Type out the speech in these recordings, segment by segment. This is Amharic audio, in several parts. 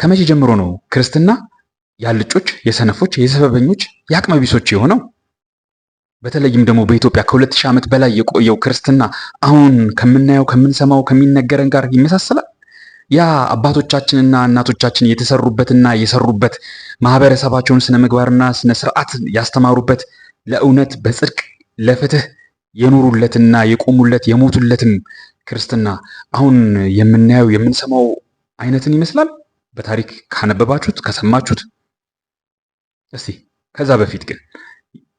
ከመቼ ጀምሮ ነው ክርስትና ያልጮች፣ የሰነፎች፣ የሰበበኞች፣ የአቅመቢሶች የሆነው? በተለይም ደግሞ በኢትዮጵያ ከሁለት ሺህ ዓመት በላይ የቆየው ክርስትና አሁን ከምናየው ከምንሰማው ከሚነገረን ጋር ይመሳሰላል። ያ አባቶቻችንና እናቶቻችን የተሰሩበትና የሰሩበት ማህበረሰባቸውን ስነ ምግባርና ስነ ስርዓት ያስተማሩበት ለእውነት በጽድቅ ለፍትህ የኖሩለትና የቆሙለት የሞቱለትም ክርስትና አሁን የምናየው የምንሰማው አይነትን ይመስላል። በታሪክ ካነበባችሁት ከሰማችሁት። እስቲ ከዛ በፊት ግን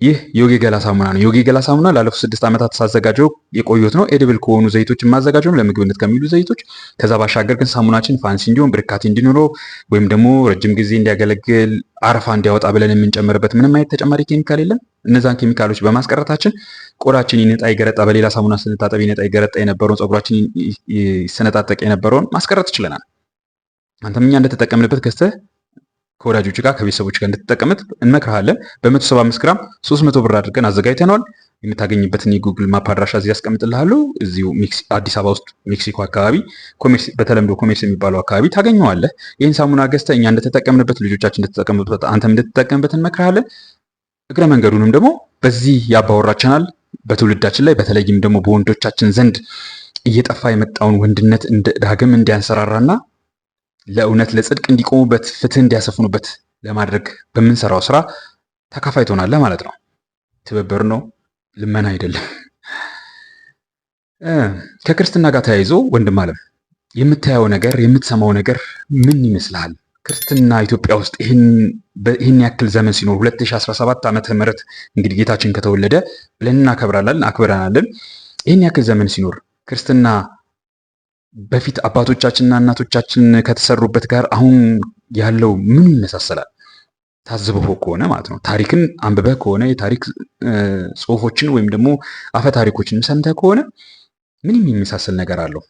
ይህ ዮጊ ገላ ሳሙና ነው። ዮጊ ገላ ሳሙና ላለፉት ስድስት ዓመታት ሳዘጋጀው የቆየሁት ነው። ኤድብል ከሆኑ ዘይቶች የማዘጋጀው ነው፣ ለምግብነት ከሚሉ ዘይቶች። ከዛ ባሻገር ግን ሳሙናችን ፋንሲ እንዲሆን ብርካቴ እንዲኖረው ወይም ደግሞ ረጅም ጊዜ እንዲያገለግል አረፋ እንዲያወጣ ብለን የምንጨምርበት ምንም አይነት ተጨማሪ ኬሚካል የለም። እነዛን ኬሚካሎች በማስቀረታችን ቆዳችን ይነጣ ይገረጣ፣ በሌላ ሳሙና ስንታጠብ ይነጣ ይገረጣ የነበረውን ፀጉራችን ይሰነጣጠቅ የነበረውን ማስቀረት ችለናል። አንተም እኛ እንደተጠቀምንበት ገዝተህ ከወዳጆች ጋር ከቤተሰቦች ጋር እንድትጠቀምት እንመክርሃለን። በ175 ግራም 300 ብር አድርገን አዘጋጅተነዋል። የምታገኝበትን የጉግል ማፕ አድራሻ እዚህ ያስቀምጥልሃለሁ። እዚሁ አዲስ አበባ ውስጥ ሜክሲኮ አካባቢ በተለምዶ ኮሜርስ የሚባለው አካባቢ ታገኘዋለህ። ይህን ሳሙና ገዝተህ እኛ እንደተጠቀምንበት፣ ልጆቻችን እንደተጠቀምበት፣ አንተም እንደተጠቀምበት እንመክርሃለን። እግረ መንገዱንም ደግሞ በዚህ ያባወራችናል በትውልዳችን ላይ በተለይም ደግሞ በወንዶቻችን ዘንድ እየጠፋ የመጣውን ወንድነት ዳግም እንዲያንሰራራና ለእውነት ለጽድቅ እንዲቆሙበት ፍትህ እንዲያሰፍኑበት ለማድረግ በምንሰራው ስራ ተካፋይ ትሆናለህ ማለት ነው። ትብብር ነው፣ ልመና አይደለም። ከክርስትና ጋር ተያይዞ ወንድም አለም የምታየው ነገር የምትሰማው ነገር ምን ይመስልሃል? ክርስትና ኢትዮጵያ ውስጥ ይህን ያክል ዘመን ሲኖር 2017 ዓመተ ምት እንግዲህ ጌታችን ከተወለደ ብለን እናከብራለን አክብረናለን። ይህን ያክል ዘመን ሲኖር ክርስትና በፊት አባቶቻችንና እናቶቻችን ከተሰሩበት ጋር አሁን ያለው ምን ይመሳሰላል? ታዝበው ከሆነ ማለት ነው። ታሪክን አንብበህ ከሆነ የታሪክ ጽሁፎችን ወይም ደግሞ አፈ ታሪኮችን ሰምተህ ከሆነ ምን የሚመሳሰል ነገር አለው?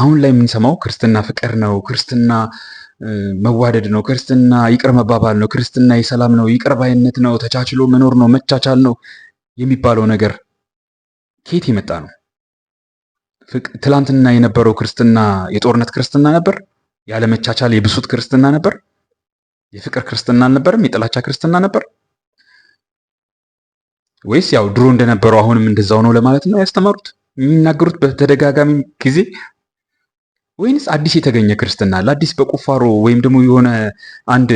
አሁን ላይ የምንሰማው ክርስትና ፍቅር ነው፣ ክርስትና መዋደድ ነው፣ ክርስትና ይቅር መባባል ነው፣ ክርስትና የሰላም ነው፣ ይቅር ባይነት ነው፣ ተቻችሎ መኖር ነው፣ መቻቻል ነው የሚባለው ነገር ከየት የመጣ ነው? ትላንትና የነበረው ክርስትና የጦርነት ክርስትና ነበር። ያለመቻቻል የብሱት ክርስትና ነበር። የፍቅር ክርስትና አልነበርም። የጥላቻ ክርስትና ነበር። ወይስ ያው ድሮ እንደነበረው አሁንም እንደዛው ነው ለማለት ነው ያስተማሩት የሚናገሩት በተደጋጋሚ ጊዜ ወይንስ አዲስ የተገኘ ክርስትና አለ? አዲስ በቁፋሮ ወይም ደግሞ የሆነ አንድ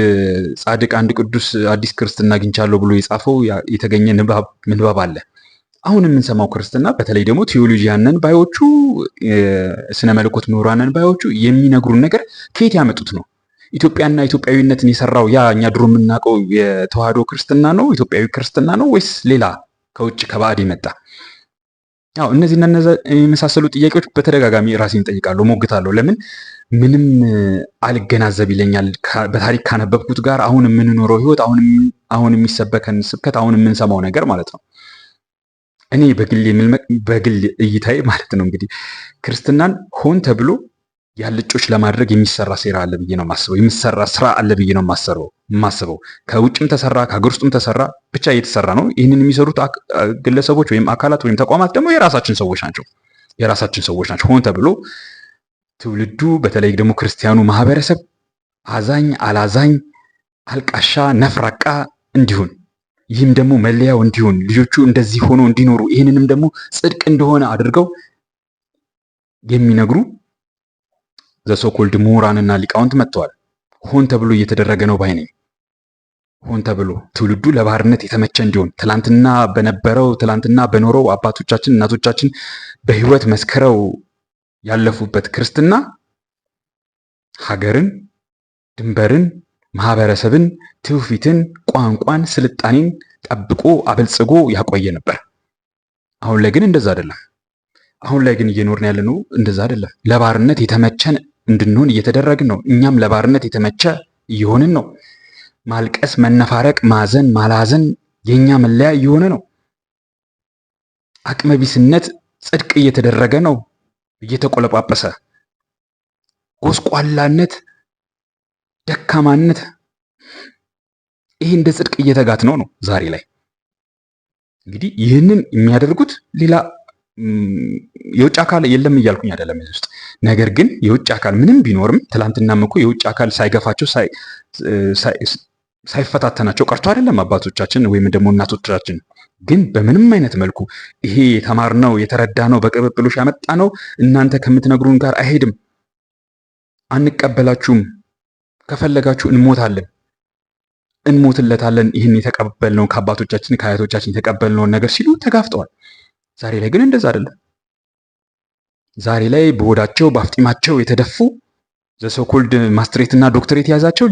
ጻድቅ አንድ ቅዱስ አዲስ ክርስትና አግኝቻለሁ ብሎ የጻፈው የተገኘ ንባብ ምንባብ አለ? አሁን የምንሰማው ክርስትና በተለይ ደግሞ ቴዎሎጂያንን ባዮቹ ስነ መለኮት ምሁራንን ባዮቹ የሚነግሩን ነገር ከየት ያመጡት ነው? ኢትዮጵያና ኢትዮጵያዊነትን የሰራው ያ እኛ ድሮ የምናውቀው የተዋህዶ ክርስትና ነው፣ ኢትዮጵያዊ ክርስትና ነው ወይስ ሌላ ከውጭ ከባዕድ የመጣ? አዎ እነዚህና የመሳሰሉ ጥያቄዎች በተደጋጋሚ ራሴን ጠይቃለሁ፣ ሞግታለሁ። ለምን ምንም አልገናዘብ ይለኛል። በታሪክ ካነበብኩት ጋር አሁን የምንኖረው ህይወት፣ አሁን የሚሰበከን ስብከት፣ አሁን የምንሰማው ነገር ማለት ነው እኔ በግል በግል እይታዬ ማለት ነው እንግዲህ ክርስትናን ሆን ተብሎ ያልጮች ለማድረግ የሚሰራ ሴራ አለ ብዬ ነው ማስበው። የሚሰራ ስራ አለ ብዬ ነው ማስበው። ከውጭም ተሰራ፣ ከሀገር ውስጥም ተሰራ፣ ብቻ እየተሰራ ነው። ይህንን የሚሰሩት ግለሰቦች ወይም አካላት ወይም ተቋማት ደግሞ የራሳችን ሰዎች ናቸው። የራሳችን ሰዎች ናቸው። ሆን ተብሎ ትውልዱ በተለይ ደግሞ ክርስቲያኑ ማህበረሰብ አዛኝ አላዛኝ፣ አልቃሻ ነፍራቃ እንዲሁን ይህም ደግሞ መለያው እንዲሆን ልጆቹ እንደዚህ ሆኖ እንዲኖሩ ይህንንም ደግሞ ጽድቅ እንደሆነ አድርገው የሚነግሩ ዘሶኮልድ ምሁራንና ሊቃውንት መጥተዋል። ሆን ተብሎ እየተደረገ ነው ባይ ነኝ። ሆን ተብሎ ትውልዱ ለባህርነት የተመቸ እንዲሆን ትላንትና በነበረው ትላንትና በኖረው አባቶቻችን እናቶቻችን በህይወት መስከረው ያለፉበት ክርስትና ሀገርን፣ ድንበርን ማህበረሰብን፣ ትውፊትን፣ ቋንቋን፣ ስልጣኔን ጠብቆ አበልጽጎ ያቆየ ነበር። አሁን ላይ ግን እንደዛ አይደለም። አሁን ላይ ግን እየኖርን ነው እንደዛ አይደለም። ለባርነት የተመቸን እንድንሆን እየተደረግን ነው። እኛም ለባርነት የተመቸ እየሆንን ነው። ማልቀስ፣ መነፋረቅ፣ ማዘን፣ ማላዘን የእኛ መለያ እየሆነ ነው። አቅመቢስነት ጽድቅ እየተደረገ ነው፣ እየተቆለጳጰሰ ጎስቋላነት ደካማነት ይሄ እንደ ጽድቅ እየተጋት ነው ነው ዛሬ ላይ እንግዲህ ይህንን የሚያደርጉት ሌላ የውጭ አካል የለም እያልኩኝ አይደለም እዚህ ውስጥ። ነገር ግን የውጭ አካል ምንም ቢኖርም ትላንትናም እኮ የውጭ አካል ሳይገፋቸው ሳይፈታተናቸው ቀርቶ አይደለም አባቶቻችን ወይም ደግሞ እናቶቻችን። ግን በምንም አይነት መልኩ ይሄ የተማር ነው የተማርነው የተረዳነው በቅብብሎሽ ነው እናንተ ከምትነግሩን ጋር አይሄድም፣ አንቀበላችሁም ከፈለጋችሁ እንሞታለን እንሞትለታለን ይህን የተቀበልነውን ከአባቶቻችን ከአያቶቻችን የተቀበልነውን ነገር ሲሉ ተጋፍጠዋል። ዛሬ ላይ ግን እንደዛ አይደለም። ዛሬ ላይ በሆዳቸው በአፍጢማቸው የተደፉ ዘሶኮልድ እና ዶክትሬት የያዛቸው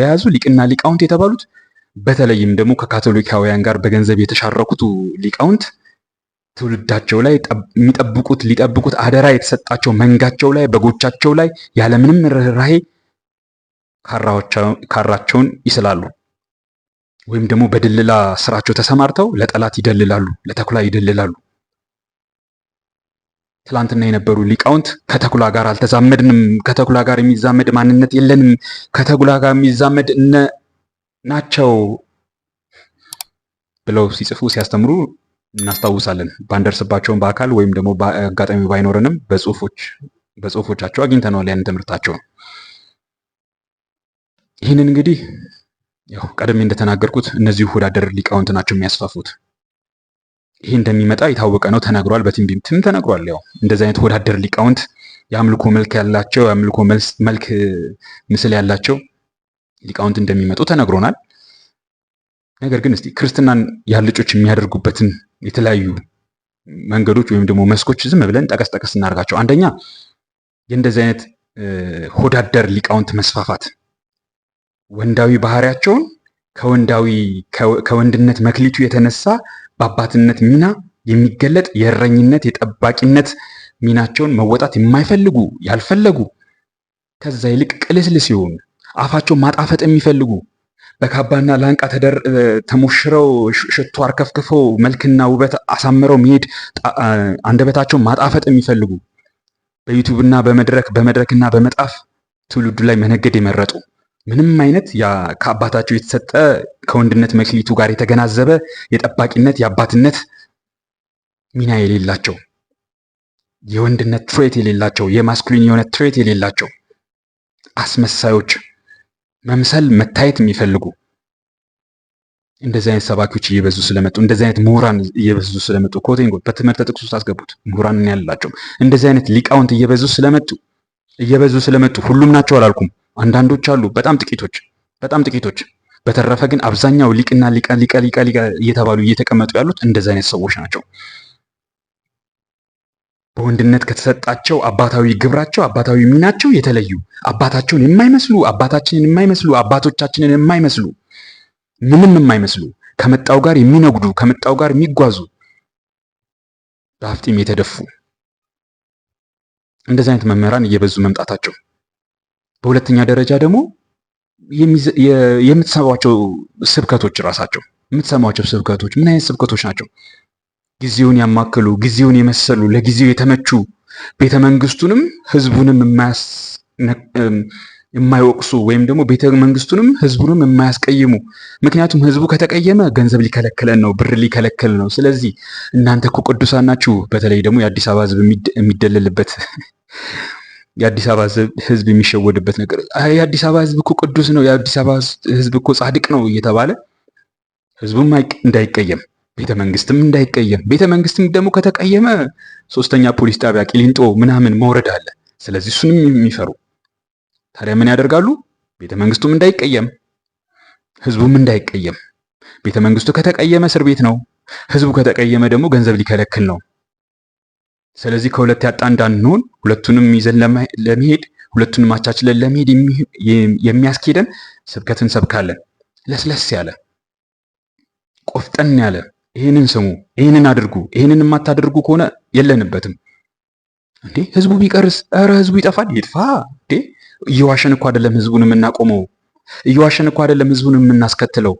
የያዙ ሊቅና ሊቃውንት የተባሉት በተለይም ደግሞ ከካቶሊካውያን ጋር በገንዘብ የተሻረኩት ሊቃውንት ትውልዳቸው ላይ የሚጠብቁት ሊጠብቁት አደራ የተሰጣቸው መንጋቸው ላይ በጎቻቸው ላይ ያለምንም ርኅራሄ ካራቸውን ይስላሉ። ወይም ደግሞ በድልላ ስራቸው ተሰማርተው ለጠላት ይደልላሉ፣ ለተኩላ ይደልላሉ። ትላንትና የነበሩ ሊቃውንት ከተኩላ ጋር አልተዛመድንም፣ ከተኩላ ጋር የሚዛመድ ማንነት የለንም፣ ከተኩላ ጋር የሚዛመድ እነ ናቸው ብለው ሲጽፉ ሲያስተምሩ እናስታውሳለን። ባንደርስባቸውን በአካል ወይም ደግሞ አጋጣሚ ባይኖረንም በጽሁፎቻቸው አግኝተነዋል ያን ትምህርታቸውን። ይህንን እንግዲህ ያው ቀደም እንደተናገርኩት እነዚህ ወዳደር ሊቃውንት ናቸው የሚያስፋፉት። ይህ እንደሚመጣ የታወቀ ነው፣ ተናግሯል። በትንቢትም ተናግሯል። ያው እንደዚህ አይነት ወዳደር ሊቃውንት የአምልኮ መልክ ያላቸው የአምልኮ መልክ ምስል ያላቸው ሊቃውንት እንደሚመጡ ተነግሮናል። ነገር ግን እስቲ ክርስትናን ያልጮች የሚያደርጉበትን የተለያዩ መንገዶች ወይም ደግሞ መስኮች ዝም ብለን ጠቀስ ጠቀስ እናደርጋቸው። አንደኛ የእንደዚህ አይነት ሆዳደር ሊቃውንት መስፋፋት ወንዳዊ ባህሪያቸውን ከወንዳዊ ከወንድነት መክሊቱ የተነሳ በአባትነት ሚና የሚገለጥ የእረኝነት የጠባቂነት ሚናቸውን መወጣት የማይፈልጉ ያልፈለጉ ከዛ ይልቅ ቅልስል ሲሆኑ አፋቸውን ማጣፈጥ የሚፈልጉ በካባና ላንቃ ተሞሽረው ሽቶ አርከፍክፈው መልክና ውበት አሳምረው መሄድ አንደበታቸው ማጣፈጥ የሚፈልጉ በዩቱብና በመድረክ በመድረክና በመጣፍ ትውልዱ ላይ መነገድ የመረጡ ምንም አይነት ከአባታቸው የተሰጠ ከወንድነት መክሊቱ ጋር የተገናዘበ የጠባቂነት የአባትነት ሚና የሌላቸው የወንድነት ትሬት የሌላቸው የማስኩሊን የሆነ ትሬት የሌላቸው አስመሳዮች፣ መምሰል መታየት የሚፈልጉ እንደዚህ አይነት ሰባኪዎች እየበዙ ስለመጡ እንደዚህ አይነት ምሁራን እየበዙ ስለመጡ ኮቴንጎ በትምህርት ጥቅስ ውስጥ አስገቡት። ምሁራን ያላቸው እንደዚህ አይነት ሊቃውንት እየበዙ ስለመጡ እየበዙ ስለመጡ ሁሉም ናቸው አላልኩም። አንዳንዶች አሉ፣ በጣም ጥቂቶች በጣም ጥቂቶች። በተረፈ ግን አብዛኛው ሊቅና ሊቀ ሊቀ ሊቀ ሊቀ እየተባሉ እየተቀመጡ ያሉት እንደዚህ አይነት ሰዎች ናቸው። በወንድነት ከተሰጣቸው አባታዊ ግብራቸው አባታዊ ሚናቸው የተለዩ አባታቸውን የማይመስሉ አባታችንን የማይመስሉ አባቶቻችንን የማይመስሉ ምንም የማይመስሉ ከመጣው ጋር የሚነጉዱ ከመጣው ጋር የሚጓዙ በአፍጢም የተደፉ እንደዚህ አይነት መምህራን እየበዙ መምጣታቸው በሁለተኛ ደረጃ ደግሞ የምትሰማቸው ስብከቶች ራሳቸው የምትሰማቸው ስብከቶች ምን አይነት ስብከቶች ናቸው? ጊዜውን ያማከሉ ጊዜውን የመሰሉ ለጊዜው የተመቹ ቤተ መንግስቱንም ህዝቡንም የማይወቅሱ ወይም ደግሞ ቤተ መንግስቱንም ህዝቡንም የማያስቀይሙ። ምክንያቱም ህዝቡ ከተቀየመ ገንዘብ ሊከለክለን ነው፣ ብር ሊከለክል ነው። ስለዚህ እናንተ እኮ ቅዱሳን ናችሁ። በተለይ ደግሞ የአዲስ አበባ ህዝብ የሚደለልበት የአዲስ አበባ ህዝብ የሚሸወድበት ነገር የአዲስ አበባ ህዝብ እኮ ቅዱስ ነው፣ የአዲስ አበባ ህዝብ እኮ ጻድቅ ነው እየተባለ ህዝቡም እንዳይቀየም ቤተ መንግስትም እንዳይቀየም ቤተ መንግስትም ደግሞ ከተቀየመ ሶስተኛ ፖሊስ ጣቢያ ቂሊንጦ ምናምን መውረድ አለ። ስለዚህ እሱንም የሚፈሩ ታዲያ ምን ያደርጋሉ? ቤተ መንግስቱም እንዳይቀየም ህዝቡም እንዳይቀየም። ቤተ መንግስቱ ከተቀየመ እስር ቤት ነው። ህዝቡ ከተቀየመ ደግሞ ገንዘብ ሊከለክል ነው። ስለዚህ ከሁለት ያጣ እንዳንሆን ሁለቱንም ይዘን ለመሄድ ሁለቱንም አቻችለን ለመሄድ የሚያስኬደን ስብከት እንሰብካለን። ለስለስ ያለ ቆፍጠን ያለ ይህንን ስሙ፣ ይህንን አድርጉ፣ ይህንን የማታደርጉ ከሆነ የለንበትም። እንዴ ህዝቡ ቢቀርስ? ኧረ ህዝቡ ይጠፋል። ይጥፋ እንዴ! እየዋሸን እኮ አይደለም ህዝቡን የምናቆመው፣ እየዋሸን እኮ አይደለም ህዝቡን የምናስከትለው።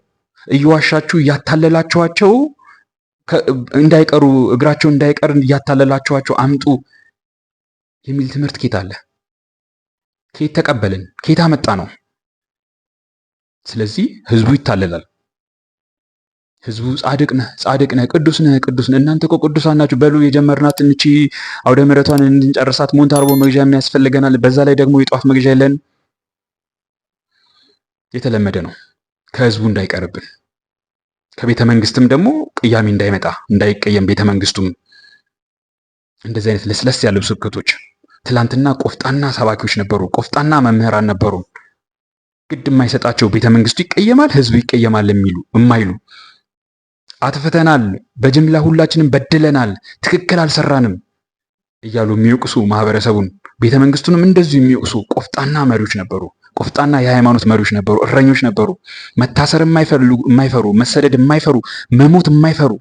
እየዋሻችሁ እያታለላችኋቸው እንዳይቀሩ እግራቸው እንዳይቀር እያታለላችኋቸው አምጡ የሚል ትምህርት ኬት አለ? ኬት ተቀበልን? ኬት አመጣ ነው። ስለዚህ ህዝቡ ይታለላል። ህዝቡ ጻድቅ ነህ ጻድቅ ነህ ቅዱስ ነህ ቅዱስ ነህ እናንተ እኮ ቅዱሳን ናችሁ በሉ የጀመርናት እንቺ አውደ ምሕረቷን እንድንጨርሳት ሞንታርቦ መግዣ የሚያስፈልገናል። በዛ ላይ ደግሞ የጧፍ መግዣ የለን። የተለመደ ነው ከህዝቡ እንዳይቀርብን ከቤተ መንግስትም ደግሞ ቅያሜ እንዳይመጣ እንዳይቀየም ቤተ መንግስቱም እንደዚህ አይነት ለስለስ ያሉ ስብከቶች። ትላንትና ቆፍጣና ሰባኪዎች ነበሩ፣ ቆፍጣና መምህራን ነበሩ። ግድ የማይሰጣቸው ቤተ መንግስቱ ይቀየማል፣ ህዝቡ ይቀየማል የሚሉ የማይሉ አትፍተናል በጅምላ ሁላችንም በድለናል፣ ትክክል አልሰራንም እያሉ የሚወቅሱ ማህበረሰቡን ቤተ መንግስቱንም እንደዚሁ የሚወቅሱ ቆፍጣና መሪዎች ነበሩ። ቆፍጣና የሃይማኖት መሪዎች ነበሩ፣ እረኞች ነበሩ፣ መታሰር የማይፈሩ መሰደድ የማይፈሩ መሞት የማይፈሩ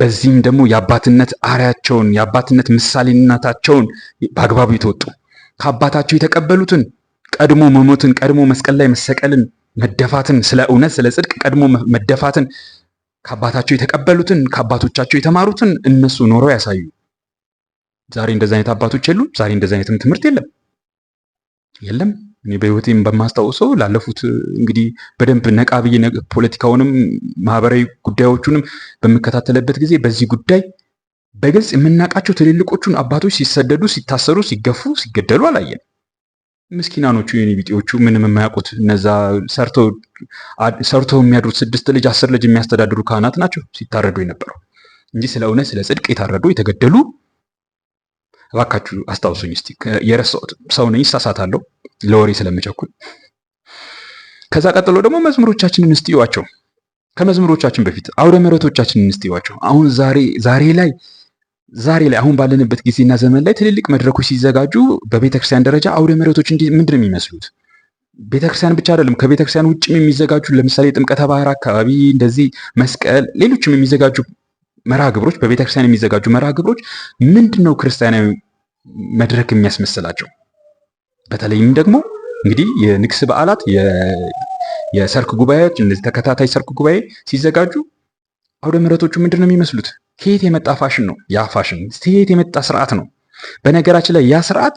በዚህም ደግሞ የአባትነት አርያቸውን የአባትነት ምሳሌነታቸውን በአግባቡ የተወጡ ከአባታቸው የተቀበሉትን ቀድሞ መሞትን ቀድሞ መስቀል ላይ መሰቀልን መደፋትን ስለ እውነት ስለ ጽድቅ ቀድሞ መደፋትን ከአባታቸው የተቀበሉትን ከአባቶቻቸው የተማሩትን እነሱ ኖረው ያሳዩ። ዛሬ እንደዚህ አይነት አባቶች የሉም። ዛሬ እንደዚህ አይነትም ትምህርት የለም የለም። እኔ በህይወቴም በማስታውሰው ላለፉት እንግዲህ በደንብ ነቃ ብዬ ፖለቲካውንም ማህበራዊ ጉዳዮቹንም በምከታተልበት ጊዜ በዚህ ጉዳይ በግልጽ የምናውቃቸው ትልልቆቹን አባቶች ሲሰደዱ፣ ሲታሰሩ፣ ሲገፉ፣ ሲገደሉ አላየን። ምስኪናኖቹ የኔ ቢጤዎቹ ምንም የማያውቁት እነዛ ሰርተው የሚያድሩት ስድስት ልጅ አስር ልጅ የሚያስተዳድሩ ካህናት ናቸው ሲታረዱ የነበረው እንጂ ስለ እውነት ስለ ጽድቅ የታረዱ የተገደሉ እባካችሁ አስታውሱኝ እስቲ የረሳሁት ሰው ነኝ፣ እሳሳታለሁ ለወሬ ስለምቸኩል። ከዛ ቀጥሎ ደግሞ መዝሙሮቻችንን እስቲ እዩዋቸው። ከመዝሙሮቻችን በፊት አውደ ምሕረቶቻችንን እስቲ እዩዋቸው። አሁን ዛሬ ዛሬ ላይ ዛሬ ላይ አሁን ባለንበት ጊዜና ዘመን ላይ ትልልቅ መድረኮች ሲዘጋጁ በቤተክርስቲያን ደረጃ አውደ ምሕረቶች ምንድን ነው የሚመስሉት? ቤተክርስቲያን ብቻ አይደለም፣ ከቤተክርስቲያን ውጭም የሚዘጋጁ ለምሳሌ ጥምቀተ ባህር አካባቢ እንደዚህ መስቀል፣ ሌሎችም የሚዘጋጁ መርሃ ግብሮች፣ በቤተክርስቲያን የሚዘጋጁ መርሃ ግብሮች ምንድን ነው ክርስቲያናዊ መድረክ የሚያስመስላቸው? በተለይም ደግሞ እንግዲህ የንግስ በዓላት፣ የሰርክ ጉባኤዎች፣ እነዚህ ተከታታይ ሰርክ ጉባኤ ሲዘጋጁ አውደ ምሕረቶቹ ምንድን ነው የሚመስሉት? ከየት የመጣ ፋሽን ነው? ያ ፋሽን ከየት የመጣ ስርዓት ነው? በነገራችን ላይ ያ ስርዓት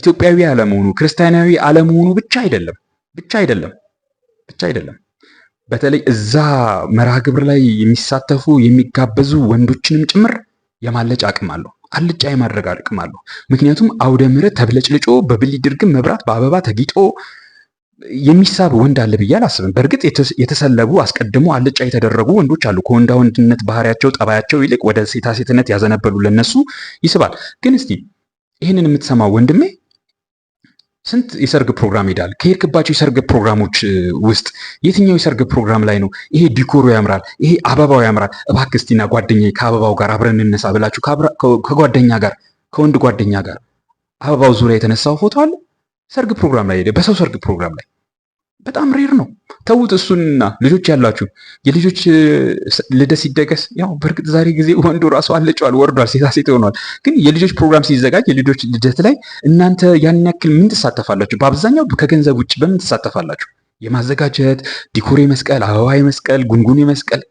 ኢትዮጵያዊ አለመሆኑ ክርስቲያናዊ አለመሆኑ ብቻ አይደለም ብቻ አይደለም ብቻ አይደለም በተለይ እዛ መርሃ ግብር ላይ የሚሳተፉ የሚጋበዙ ወንዶችንም ጭምር የማለጭ አቅም አለው። አልጫ የማድረግ አቅም አለው። ምክንያቱም አውደ ምሕረት ተብለጭልጮ በብሊ ድርግም መብራት በአበባ ተጊጦ የሚሳብ ወንድ አለ ብዬ አላስብም። በእርግጥ የተሰለቡ አስቀድሞ አልጫ የተደረጉ ወንዶች አሉ። ከወንዳ ወንድነት ባህሪያቸው፣ ጠባያቸው ይልቅ ወደ ሴታ ሴትነት ያዘነበሉ ለነሱ ይስባል። ግን እስቲ ይህንን የምትሰማው ወንድሜ ስንት የሰርግ ፕሮግራም ይሄዳል ከሄድክባቸው የሰርግ ፕሮግራሞች ውስጥ የትኛው የሰርግ ፕሮግራም ላይ ነው ይሄ ዲኮሩ ያምራል፣ ይሄ አበባው ያምራል፣ እባክህ እስቲና ጓደኛ ከአበባው ጋር አብረን እንነሳ ብላችሁ ከጓደኛ ጋር ከወንድ ጓደኛ ጋር አበባው ዙሪያ የተነሳው ፎቶ አለ? ሰርግ ፕሮግራም ላይ ሄደ፣ በሰው ሰርግ ፕሮግራም ላይ በጣም ሬር ነው። ተዉት እሱንና ልጆች ያላችሁ የልጆች ልደት ሲደገስ ያው በእርግጥ ዛሬ ጊዜ ወንዱ ራሱ አልጨዋል ወርዷል፣ ሴታ ሴት ሆኗል። ግን የልጆች ፕሮግራም ሲዘጋጅ የልጆች ልደት ላይ እናንተ ያን ያክል ምን ትሳተፋላችሁ? በአብዛኛው ከገንዘብ ውጭ በምን ትሳተፋላችሁ? የማዘጋጀት ዲኮር መስቀል፣ አበባ መስቀል፣ ጉንጉን መስቀል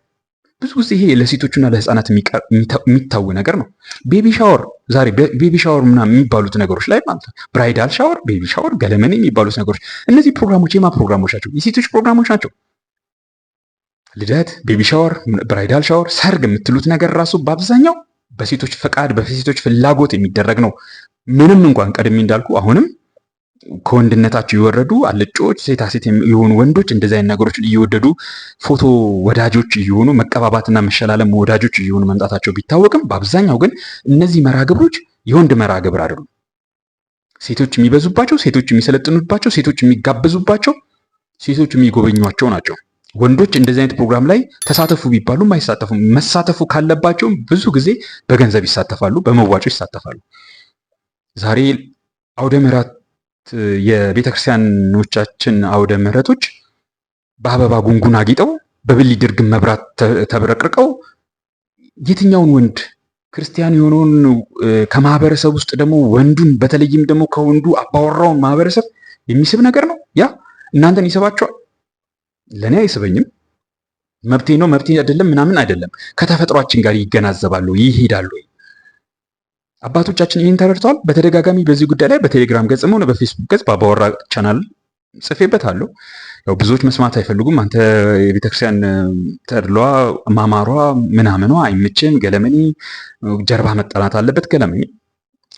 ብዙ ጊዜ ይሄ ለሴቶችና ለህፃናት የሚታወ ነገር ነው። ቤቢ ሻወር ዛሬ ቤቢ ሻወር ምናምን የሚባሉት ነገሮች ላይ ማለት ነው። ብራይዳል ሻወር፣ ቤቢ ሻወር፣ ገለመኔ የሚባሉት ነገሮች እነዚህ ፕሮግራሞች የማ ፕሮግራሞች ናቸው? የሴቶች ፕሮግራሞች ናቸው። ልደት፣ ቤቢ ሻወር፣ ብራይዳል ሻወር፣ ሰርግ የምትሉት ነገር ራሱ በአብዛኛው በሴቶች ፈቃድ በሴቶች ፍላጎት የሚደረግ ነው። ምንም እንኳን ቀድሜ እንዳልኩ አሁንም ከወንድነታቸው የወረዱ አልጮች ሴት የሆኑ ወንዶች እንደዚህ አይነት ነገሮችን እየወደዱ ፎቶ ወዳጆች እየሆኑ መቀባባትና መሸላለም ወዳጆች እየሆኑ መምጣታቸው ቢታወቅም በአብዛኛው ግን እነዚህ መራግብሮች የወንድ መራግብር አይደሉም። ሴቶች የሚበዙባቸው፣ ሴቶች የሚሰለጥኑባቸው፣ ሴቶች የሚጋበዙባቸው፣ ሴቶች የሚጎበኟቸው ናቸው። ወንዶች እንደዚህ አይነት ፕሮግራም ላይ ተሳተፉ ቢባሉም አይሳተፉም። መሳተፉ ካለባቸውም ብዙ ጊዜ በገንዘብ ይሳተፋሉ፣ በመዋጮ ይሳተፋሉ። ዛሬ አውደ ምሕረት የቤተ ክርስቲያኖቻችን አውደ ምሕረቶች በአበባ ጉንጉን አጊጠው በብሊ ድርግም መብራት ተብረቅርቀው የትኛውን ወንድ ክርስቲያን የሆነውን ከማህበረሰብ ውስጥ ደግሞ ወንዱን በተለይም ደግሞ ከወንዱ አባወራውን ማህበረሰብ የሚስብ ነገር ነው። ያ እናንተን ይስባቸዋል። ለእኔ አይስበኝም። መብቴ ነው መብቴ አይደለም ምናምን አይደለም። ከተፈጥሯችን ጋር ይገናዘባሉ፣ ይሄዳሉ። አባቶቻችን ይህን ተረድተዋል። በተደጋጋሚ በዚህ ጉዳይ ላይ በቴሌግራም ገጽም ሆነ በፌስቡክ ገጽ በአባወራ ቻናል ጽፌበት አለው። ያው ብዙዎች መስማት አይፈልጉም። አንተ የቤተክርስቲያን ተድሏ ማማሯ ምናምኗ አይምችም፣ ገለመኒ ጀርባ መጠናት አለበት። ገለመኔ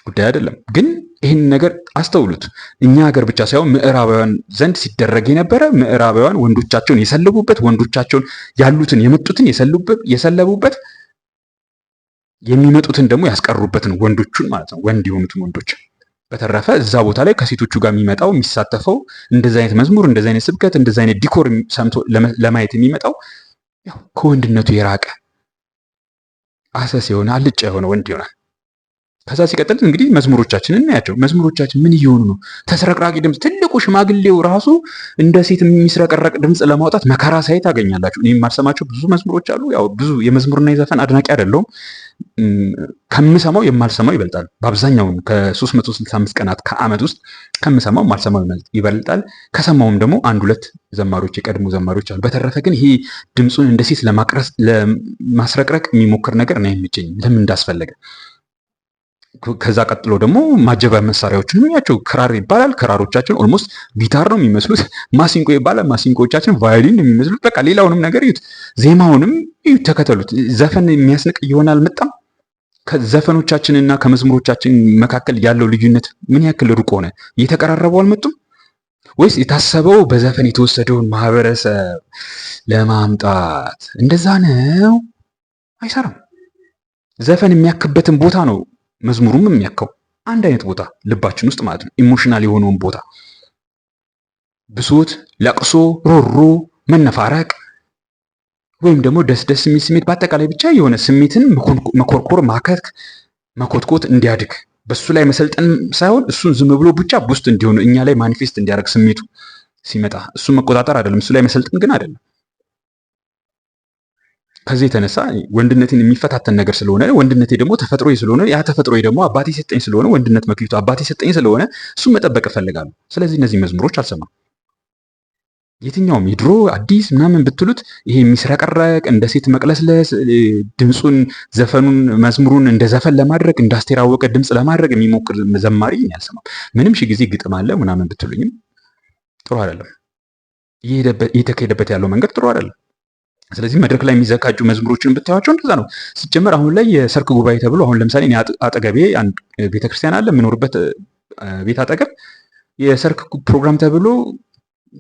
ጉዳይ አይደለም። ግን ይህን ነገር አስተውሉት። እኛ ሀገር ብቻ ሳይሆን ምዕራባውያን ዘንድ ሲደረግ የነበረ ምዕራባውያን ወንዶቻቸውን የሰለቡበት ወንዶቻቸውን ያሉትን የመጡትን የሰለቡበት የሚመጡትን ደግሞ ያስቀሩበትን ወንዶቹን ማለት ነው፣ ወንድ የሆኑትን ወንዶች። በተረፈ እዛ ቦታ ላይ ከሴቶቹ ጋር የሚመጣው የሚሳተፈው እንደዚ አይነት መዝሙር፣ እንደዚ አይነት ስብከት፣ እንደዚ አይነት ዲኮር ሰምቶ ለማየት የሚመጣው ያው ከወንድነቱ የራቀ አሰስ የሆነ አልጫ የሆነ ወንድ ይሆናል። ከዛ ሲቀጥል እንግዲህ መዝሙሮቻችን እናያቸው። መዝሙሮቻችን ምን እየሆኑ ነው? ተስረቅራቂ ድምፅ፣ ትልቁ ሽማግሌው ራሱ እንደ ሴት የሚስረቀረቅ ድምፅ ለማውጣት መከራ ሳይ ታገኛላችሁ። እኔ የማልሰማቸው ብዙ መዝሙሮች አሉ። ያው ብዙ የመዝሙርና የዘፈን አድናቂ አይደለሁም። ከምሰማው የማልሰማው ይበልጣል። በአብዛኛው ከ365 ቀናት ከዓመት ውስጥ ከምሰማው የማልሰማው ይበልጣል። ከሰማውም ደግሞ አንድ ሁለት ዘማሪዎች የቀድሞ ዘማሪዎች አሉ። በተረፈ ግን ይሄ ድምፁን እንደ ሴት ለማስረቅረቅ የሚሞክር ነገር ነው የሚገኝ ለምን እንዳስፈለገ ከዛ ቀጥሎ ደግሞ ማጀቢያ መሳሪያዎችን ያቸው ክራር ይባላል። ክራሮቻችን ኦልሞስት ጊታር ነው የሚመስሉት። ማሲንቆ ይባላል። ማሲንቆቻችን ቫዮሊን የሚመስሉት። በቃ ሌላውንም ነገር እዩት፣ ዜማውንም እዩት፣ ተከተሉት። ዘፈን የሚያስንቅ ይሆናል መጣም ከዘፈኖቻችንና ከመዝሙሮቻችን መካከል ያለው ልዩነት ምን ያክል ሩቅ ሆነ? እየተቀራረበው አልመጡም ወይስ የታሰበው በዘፈን የተወሰደውን ማህበረሰብ ለማምጣት እንደዛ ነው? አይሰራም። ዘፈን የሚያክበትን ቦታ ነው መዝሙሩም የሚያካው አንድ አይነት ቦታ ልባችን ውስጥ ማለት ነው። ኢሞሽናል የሆነውን ቦታ ብሶት፣ ለቅሶ፣ ሮሮ፣ መነፋረቅ ወይም ደግሞ ደስ ደስ የሚል ስሜት በአጠቃላይ ብቻ የሆነ ስሜትን መኮርኮር፣ ማከክ፣ መኮትኮት እንዲያድግ በሱ ላይ መሰልጠን ሳይሆን እሱን ዝም ብሎ ብቻ ቡስት እንዲሆኑ እኛ ላይ ማኒፌስት እንዲያደርግ ስሜቱ ሲመጣ እሱን መቆጣጠር አይደለም፣ እሱ ላይ መሰልጠን ግን አይደለም። ከዚህ የተነሳ ወንድነቴን የሚፈታተን ነገር ስለሆነ ወንድነቴ ደግሞ ተፈጥሮ ስለሆነ ያ ተፈጥሮ ደግሞ አባቴ ሰጠኝ ስለሆነ ወንድነት መክሊቱ አባቴ ሰጠኝ ስለሆነ እሱን መጠበቅ እፈልጋለሁ። ስለዚህ እነዚህ መዝሙሮች አልሰማም። የትኛውም የድሮ አዲስ ምናምን ብትሉት ይሄ የሚስረቀረቅ እንደ ሴት መቅለስለስ ድምፁን ዘፈኑን መዝሙሩን እንደ ዘፈን ለማድረግ እንደ አስቴራወቀ አወቀ ድምፅ ለማድረግ የሚሞክር ዘማሪ አልሰማም። ምንም ሺ ጊዜ ግጥም አለ ምናምን ብትሉኝም ጥሩ አይደለም። እየተካሄደበት ያለው መንገድ ጥሩ አይደለም። ስለዚህ መድረክ ላይ የሚዘጋጁ መዝሙሮችን ብታያቸው እንደዛ ነው። ሲጀመር አሁን ላይ የሰርክ ጉባኤ ተብሎ አሁን ለምሳሌ እኔ አጠገቤ አንድ ቤተክርስቲያን አለ የምኖርበት ቤት አጠገብ የሰርክ ፕሮግራም ተብሎ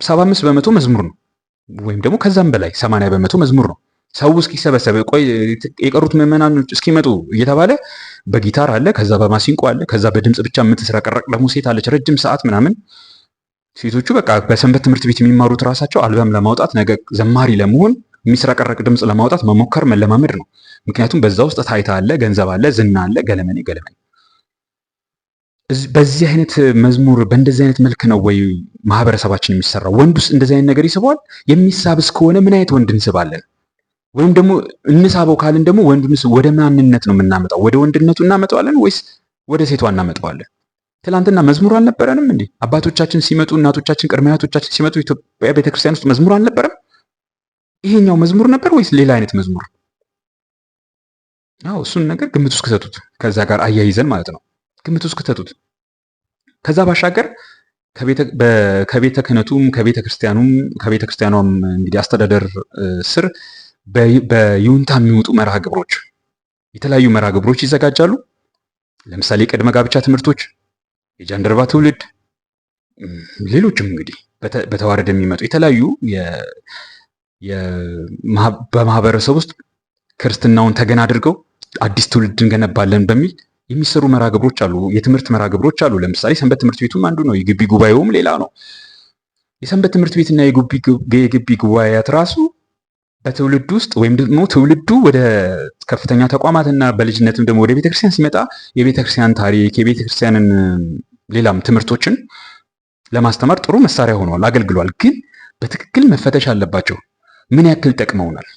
ሰባ አምስት በመቶ መዝሙር ነው ወይም ደግሞ ከዛም በላይ ሰማንያ በመቶ መዝሙር ነው። ሰው እስኪሰበሰብ ቆይ የቀሩት ምዕመናኖች እስኪመጡ እየተባለ በጊታር አለ፣ ከዛ በማሲንቆ አለ፣ ከዛ በድምፅ ብቻ የምትስረቀረቅ ደግሞ ሴት አለች ረጅም ሰዓት ምናምን ሴቶቹ በቃ በሰንበት ትምህርት ቤት የሚማሩት ራሳቸው አልበም ለማውጣት ነገ ዘማሪ ለመሆን የሚስረቀረቅ ድምፅ ለማውጣት መሞከር መለማመድ ነው። ምክንያቱም በዛ ውስጥ ታይታ አለ፣ ገንዘብ አለ፣ ዝና አለ፣ ገለመኔ ገለመኔ። በዚህ አይነት መዝሙር በእንደዚህ አይነት መልክ ነው ወይ ማህበረሰባችን የሚሰራው? ወንዱስ እንደዚህ አይነት ነገር ይስበዋል? የሚሳብስ ከሆነ ምን አይነት ወንድ እንስባለን? ወይም ደግሞ እንሳበው ካልን ደግሞ ወንዱንስ ወደ ማንነት ነው የምናመጣው? ወደ ወንድነቱ እናመጣዋለን ወይስ ወደ ሴቷ እናመጣዋለን? ትላንትና መዝሙር አልነበረንም እንዴ? አባቶቻችን ሲመጡ እናቶቻችን፣ ቅድመ አያቶቻችን ሲመጡ ኢትዮጵያ ቤተክርስቲያን ውስጥ መዝሙር አልነበረም? ይሄኛው መዝሙር ነበር ወይስ ሌላ አይነት መዝሙር? አዎ እሱን ነገር ግምት ውስጥ ክተቱት። ከዛ ጋር አያይዘን ማለት ነው ግምት ውስጥ ክተቱት። ከዛ ባሻገር ከቤተ ክህነቱም ከቤተ ክርስቲያኑም ከቤተ ክርስቲያኗም እንግዲህ አስተዳደር ስር በይሁንታ የሚወጡ መርሃ ግብሮች የተለያዩ መርሃ ግብሮች ይዘጋጃሉ። ለምሳሌ የቅድመ ጋብቻ ትምህርቶች፣ የጃንደረባ ትውልድ፣ ሌሎችም እንግዲህ በተዋረድ የሚመጡ የተለያዩ በማህበረሰብ ውስጥ ክርስትናውን ተገን አድርገው አዲስ ትውልድ እንገነባለን በሚል የሚሰሩ መርሃ ግብሮች አሉ። የትምህርት መርሃ ግብሮች አሉ። ለምሳሌ ሰንበት ትምህርት ቤቱም አንዱ ነው። የግቢ ጉባኤውም ሌላ ነው። የሰንበት ትምህርት ቤትና የግቢ ጉባኤያት ራሱ በትውልድ ውስጥ ወይም ደግሞ ትውልዱ ወደ ከፍተኛ ተቋማትና በልጅነትም ደግሞ ወደ ቤተክርስቲያን ሲመጣ የቤተክርስቲያን ታሪክ የቤተክርስቲያንን ሌላም ትምህርቶችን ለማስተማር ጥሩ መሳሪያ ሆኗል፣ አገልግሏል። ግን በትክክል መፈተሽ አለባቸው። ምን ያክል ጠቅመውናል?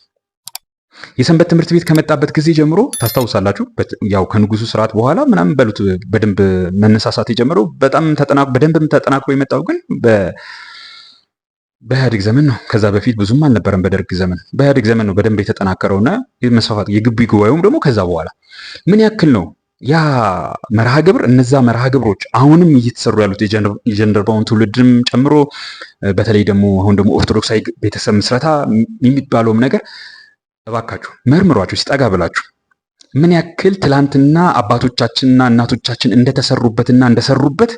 የሰንበት ትምህርት ቤት ከመጣበት ጊዜ ጀምሮ ታስታውሳላችሁ። ያው ከንጉሱ ስርዓት በኋላ ምናምን በሉት በደንብ መነሳሳት የጀመረው በጣም በደንብም ተጠናክሮ የመጣው ግን በኢህአዴግ ዘመን ነው። ከዛ በፊት ብዙም አልነበረም። በደርግ ዘመን በኢህአዴግ ዘመን ነው በደንብ የተጠናከረውና የግቢ ጉባኤውም ደግሞ ከዛ በኋላ ምን ያክል ነው ያ መርሃ ግብር እነዛ መርሃ ግብሮች አሁንም እየተሰሩ ያሉት የጀንደርባውን ትውልድም ጨምሮ በተለይ ደግሞ አሁን ደግሞ ኦርቶዶክሳዊ ቤተሰብ ምስረታ የሚባለውም ነገር እባካችሁ መርምሯችሁ ሲጠጋ ብላችሁ ምን ያክል ትላንትና አባቶቻችንና እናቶቻችን እንደተሰሩበትና እንደሰሩበት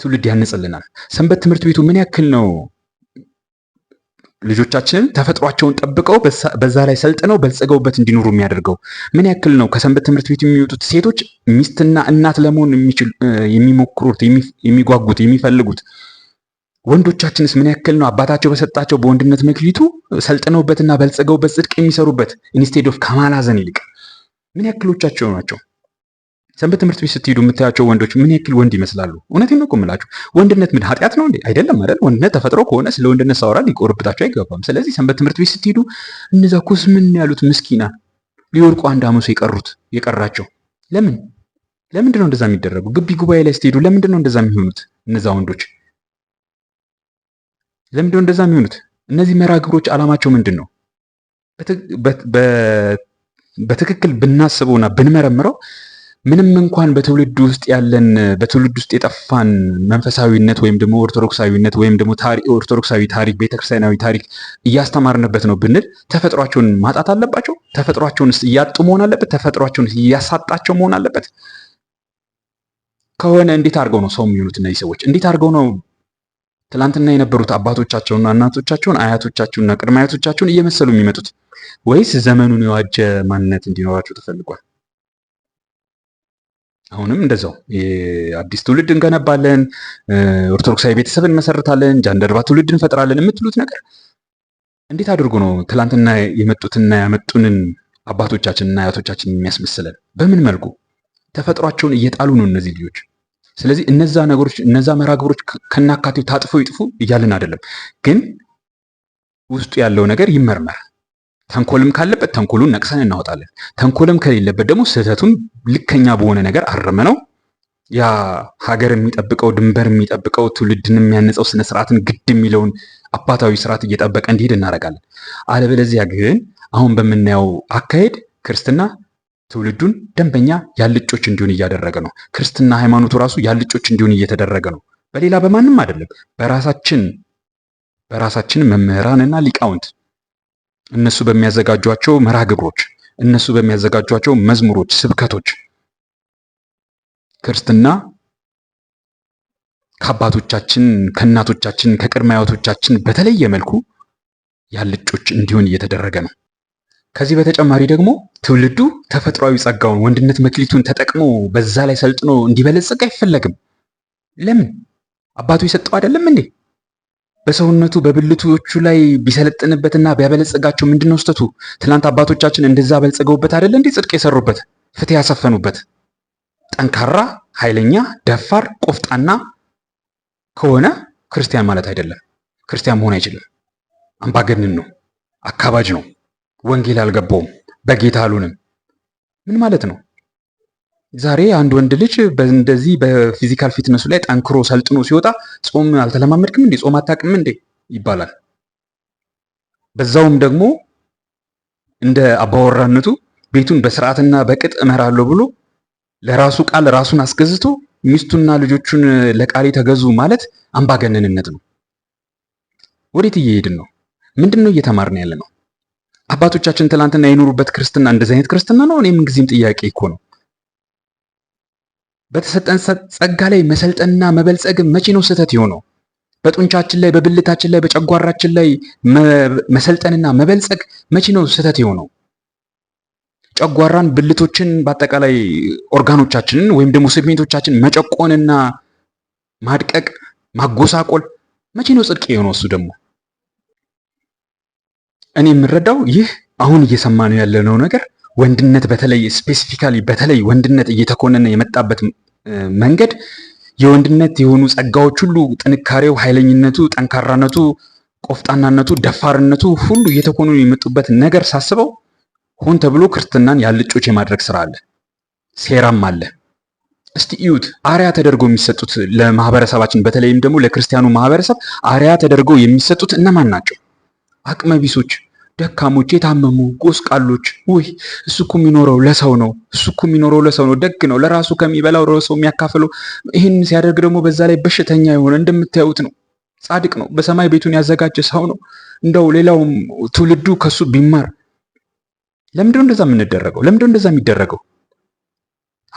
ትውልድ ያንጽልናል። ሰንበት ትምህርት ቤቱ ምን ያክል ነው ልጆቻችንን ተፈጥሯቸውን ጠብቀው በዛ ላይ ሰልጥነው በልጸገውበት እንዲኖሩ የሚያደርገው ምን ያክል ነው? ከሰንበት ትምህርት ቤት የሚወጡት ሴቶች ሚስትና እናት ለመሆን የሚሞክሩት የሚጓጉት፣ የሚፈልጉት ወንዶቻችንስ ምን ያክል ነው? አባታቸው በሰጣቸው በወንድነት መክሊቱ ሰልጥነውበትና በልጸገውበት ጽድቅ የሚሰሩበት ኢንስቴድ ኦፍ ከማላዘን ይልቅ ምን ያክሎቻቸው ናቸው? ሰንበት ትምህርት ቤት ስትሄዱ የምታያቸው ወንዶች ምን ያክል ወንድ ይመስላሉ? እውነቴን ነው የምላችሁ። ወንድነት ምን ኃጢአት ነው እንዴ? አይደለም አይደል? ወንድነት ተፈጥሮ ከሆነ ስለ ወንድነት ሳወራ ሊቆርብታቸው አይገባም። ስለዚህ ሰንበት ትምህርት ቤት ስትሄዱ እነዛ ኩስ ምን ያሉት ምስኪና ሊወድቁ አንድ አመሶ የቀሩት የቀራቸው ለምን ለምንድን ነው እንደዛ የሚደረጉ? ግቢ ጉባኤ ላይ ስትሄዱ ለምንድን ነው እንደዛ የሚሆኑት? እነዛ ወንዶች ለምንድን ነው እንደዛ የሚሆኑት? እነዚህ መርሃ ግብሮች ዓላማቸው ምንድን ነው? በትክክል ብናስበውና ብንመረምረው ምንም እንኳን በትውልድ ውስጥ ያለን በትውልድ ውስጥ የጠፋን መንፈሳዊነት ወይም ደግሞ ኦርቶዶክሳዊነት ወይም ደግሞ ኦርቶዶክሳዊ ታሪክ ቤተክርስቲያናዊ ታሪክ እያስተማርንበት ነው ብንል ተፈጥሯቸውን ማጣት አለባቸው? ተፈጥሯቸውንስ እያጡ መሆን አለበት? ተፈጥሯቸውን እያሳጣቸው መሆን አለበት? ከሆነ እንዴት አድርገው ነው ሰው የሚሆኑት? እነዚህ ሰዎች እንዴት አድርገው ነው ትላንትና የነበሩት አባቶቻቸውና እናቶቻቸውን አያቶቻቸውና ቅድመ አያቶቻቸውን እየመሰሉ የሚመጡት? ወይስ ዘመኑን የዋጀ ማንነት እንዲኖራቸው ተፈልጓል? አሁንም እንደዛው አዲስ ትውልድ እንገነባለን፣ ኦርቶዶክሳዊ ቤተሰብ እንመሰርታለን፣ ጃንደርባ ትውልድ እንፈጥራለን የምትሉት ነገር እንዴት አድርጎ ነው ትላንትና የመጡትና ያመጡንን አባቶቻችንና አያቶቻችን የሚያስመስለን? በምን መልኩ ተፈጥሯቸውን እየጣሉ ነው እነዚህ ልጆች። ስለዚህ እነዛ ነገሮች እነዛ መራግብሮች ከናካቴው ታጥፈው ይጥፉ እያልን አይደለም፣ ግን ውስጡ ያለው ነገር ይመርመር። ተንኮልም ካለበት ተንኮሉን ነቅሰን እናወጣለን። ተንኮልም ከሌለበት ደግሞ ስህተቱን ልከኛ በሆነ ነገር አርመነው ያ ሀገር የሚጠብቀው ድንበር የሚጠብቀው ትውልድን የሚያነጸው ስነስርዓትን ግድ የሚለውን አባታዊ ስርዓት እየጠበቀ እንዲሄድ እናደርጋለን። አለበለዚያ ግን አሁን በምናየው አካሄድ ክርስትና ትውልዱን ደንበኛ ያልጮች እንዲሆን እያደረገ ነው። ክርስትና ሃይማኖቱ ራሱ ያልጮች እንዲሆን እየተደረገ ነው። በሌላ በማንም አይደለም፣ በራሳችን በራሳችን መምህራንና ሊቃውንት እነሱ በሚያዘጋጇቸው መርሃ ግብሮች፣ እነሱ በሚያዘጋጇቸው መዝሙሮች፣ ስብከቶች ክርስትና ከአባቶቻችን ከእናቶቻችን ከቅድመ አያቶቻችን በተለየ መልኩ ያልጮች እንዲሆን እየተደረገ ነው። ከዚህ በተጨማሪ ደግሞ ትውልዱ ተፈጥሯዊ ጸጋውን ወንድነት መክሊቱን ተጠቅሞ በዛ ላይ ሰልጥኖ እንዲበለጸግ አይፈለግም። ለምን አባቱ የሰጠው አይደለም እንዴ? በሰውነቱ በብልቶቹ ላይ ቢሰለጥንበትና ቢያበለጸጋቸው ምንድን ነው ስተቱ? ትናንት አባቶቻችን እንደዛ በልጸገውበት አይደለ እንዲህ ጽድቅ የሰሩበት ፍትህ ያሰፈኑበት ጠንካራ ኃይለኛ፣ ደፋር፣ ቆፍጣና ከሆነ ክርስቲያን ማለት አይደለም። ክርስቲያን መሆን አይችልም። አምባገነን ነው፣ አካባጅ ነው፣ ወንጌል አልገባውም፣ በጌታ አሉንም ምን ማለት ነው? ዛሬ አንድ ወንድ ልጅ እንደዚህ በፊዚካል ፊትነሱ ላይ ጠንክሮ ሰልጥኖ ሲወጣ ጾም አልተለማመድክም እንዴ? ጾም አታውቅም እንዴ? ይባላል። በዛውም ደግሞ እንደ አባወራነቱ ቤቱን በስርዓትና በቅጥ እመራለሁ ብሎ ለራሱ ቃል ራሱን አስገዝቶ ሚስቱና ልጆቹን ለቃሌ ተገዙ ማለት አምባገነንነት ነው። ወዴት እየሄድን ነው? ምንድን ነው እየተማርን ያለ ነው? አባቶቻችን ትናንትና የኖሩበት ክርስትና እንደዚህ አይነት ክርስትና ነው? እኔ ምንጊዜም ጥያቄ እኮ ነው። በተሰጠን ጸጋ ላይ መሰልጠንና መበልጸግ መቼ ነው ስህተት የሆነው? በጡንቻችን ላይ በብልታችን ላይ በጨጓራችን ላይ መሰልጠንና መበልጸግ መቼ ነው ስህተት የሆነው? ጨጓራን፣ ብልቶችን፣ በአጠቃላይ ኦርጋኖቻችንን ወይም ደግሞ ስሜቶቻችን መጨቆንና ማድቀቅ፣ ማጎሳቆል መቼ ነው ጽድቅ የሆነው? እሱ ደግሞ እኔ የምረዳው ይህ አሁን እየሰማነው ያለነው ነገር ወንድነት በተለይ ስፔሲፊካሊ በተለይ ወንድነት እየተኮነነ የመጣበት መንገድ የወንድነት የሆኑ ጸጋዎች ሁሉ ጥንካሬው፣ ኃይለኝነቱ፣ ጠንካራነቱ፣ ቆፍጣናነቱ፣ ደፋርነቱ ሁሉ እየተኮነኑ የመጡበት ነገር ሳስበው ሆን ተብሎ ክርስትናን ያልጮች የማድረግ ስራ አለ፣ ሴራም አለ። እስቲ እዩት። አሪያ ተደርጎ የሚሰጡት ለማህበረሰባችን በተለይም ደግሞ ለክርስቲያኑ ማህበረሰብ አሪያ ተደርገው የሚሰጡት እነማን ናቸው? አቅመ ቢሶች ደካሞች፣ የታመሙ ቃሎች ውይ እሱ እኮ የሚኖረው ለሰው ነው። እሱ እኮ የሚኖረው ለሰው ነው። ደግ ነው። ለራሱ ከሚበላው ሰው የሚያካፍለው። ይህን ሲያደርግ ደግሞ በዛ ላይ በሽተኛ የሆነ እንደምታዩት ነው። ጻድቅ ነው። በሰማይ ቤቱን ያዘጋጀ ሰው ነው። እንደው ሌላውም ትውልዱ ከሱ ቢማር። ለምንድነው እንደዛ የምንደረገው? ለምንድነው እንደዛ የሚደረገው?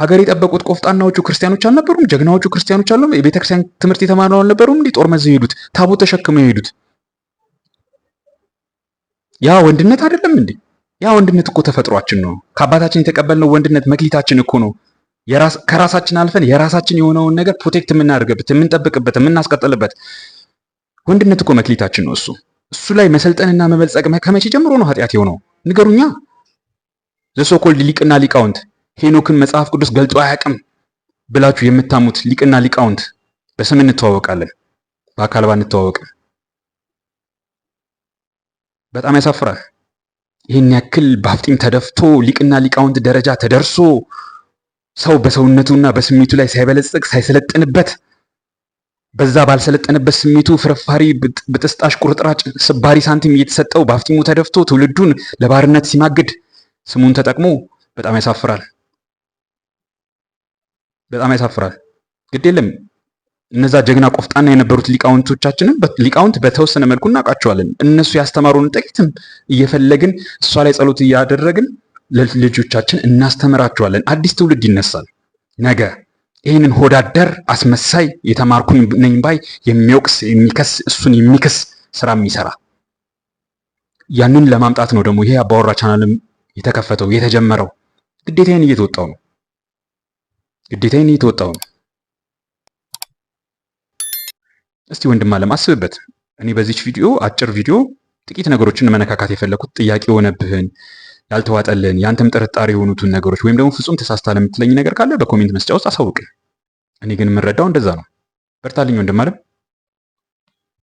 ሀገር የጠበቁት ቆፍጣናዎቹ ክርስቲያኖች አልነበሩም? ጀግናዎቹ ክርስቲያኖች አሉ? የቤተክርስቲያን ትምህርት የተማረው አልነበሩም? እንዲህ ጦር መዘው የሄዱት ታቦት ተሸክመው የሄዱት ያ ወንድነት አይደለም እንዴ? ያ ወንድነት እኮ ተፈጥሯችን ነው። ከአባታችን የተቀበልነው ወንድነት መክሊታችን እኮ ነው። ከራሳችን አልፈን የራሳችን የሆነውን ነገር ፕሮቴክት የምናደርግበት፣ የምንጠብቅበት፣ የምናስቀጥልበት ወንድነት እኮ መክሊታችን ነው። እሱ እሱ ላይ መሰልጠንና መበልጸግ ከመቼ ጀምሮ ነው ኃጢአት የሆነው? ንገሩኛ። ዘሶኮልድ ሊቅና ሊቃውንት ሄኖክን መጽሐፍ ቅዱስ ገልጦ አያውቅም ብላችሁ የምታሙት ሊቅና ሊቃውንት በስም እንተዋወቃለን፣ በአካል ባንተዋወቅም በጣም ያሳፍራል። ይህን ያክል በአፍጢም ተደፍቶ ሊቅና ሊቃውንት ደረጃ ተደርሶ ሰው በሰውነቱና በስሜቱ ላይ ሳይበለጽግ ሳይሰለጥንበት በዛ ባልሰለጠነበት ስሜቱ ፍርፋሪ፣ ብጥስጣሽ፣ ቁርጥራጭ፣ ስባሪ ሳንቲም እየተሰጠው በአፍጢሙ ተደፍቶ ትውልዱን ለባርነት ሲማግድ ስሙን ተጠቅሞ በጣም ያሳፍራል። በጣም ያሳፍራል። ግድ የለም እነዛ ጀግና ቆፍጣና የነበሩት ሊቃውንቶቻችንም ሊቃውንት በተወሰነ መልኩ እናውቃቸዋለን። እነሱ ያስተማሩን ጥቂትም እየፈለግን እሷ ላይ ጸሎት እያደረግን ለልጆቻችን እናስተምራቸዋለን። አዲስ ትውልድ ይነሳል። ነገ ይህንን ሆዳደር አስመሳይ የተማርኩኝ ነኝ ባይ የሚወቅስ የሚከስ እሱን የሚክስ ስራ የሚሰራ ያንን ለማምጣት ነው ደግሞ ይሄ አባወራ ቻናልም የተከፈተው የተጀመረው። ግዴታዬን እየተወጣው ነው። ግዴታዬን እየተወጣው ነው። እስቲ ወንድም አለም አስብበት። እኔ በዚች ቪዲዮ አጭር ቪዲዮ ጥቂት ነገሮችን መነካካት የፈለኩት ጥያቄ የሆነብህን ያልተዋጠልን የአንተም ጥርጣሬ የሆኑትን ነገሮች ወይም ደግሞ ፍጹም ተሳስታል ለምትለኝ ነገር ካለ በኮሜንት መስጫ ውስጥ አሳውቅኝ። እኔ ግን የምንረዳው እንደዛ ነው። በርታልኝ ወንድም አለም።